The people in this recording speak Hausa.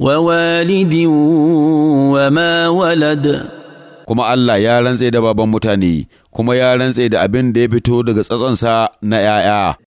ووالد وما ولد kuma Allah ya rantse da baban mutane kuma ya rantse da abin da ya fito daga tsatsansa na ‘ya'ya.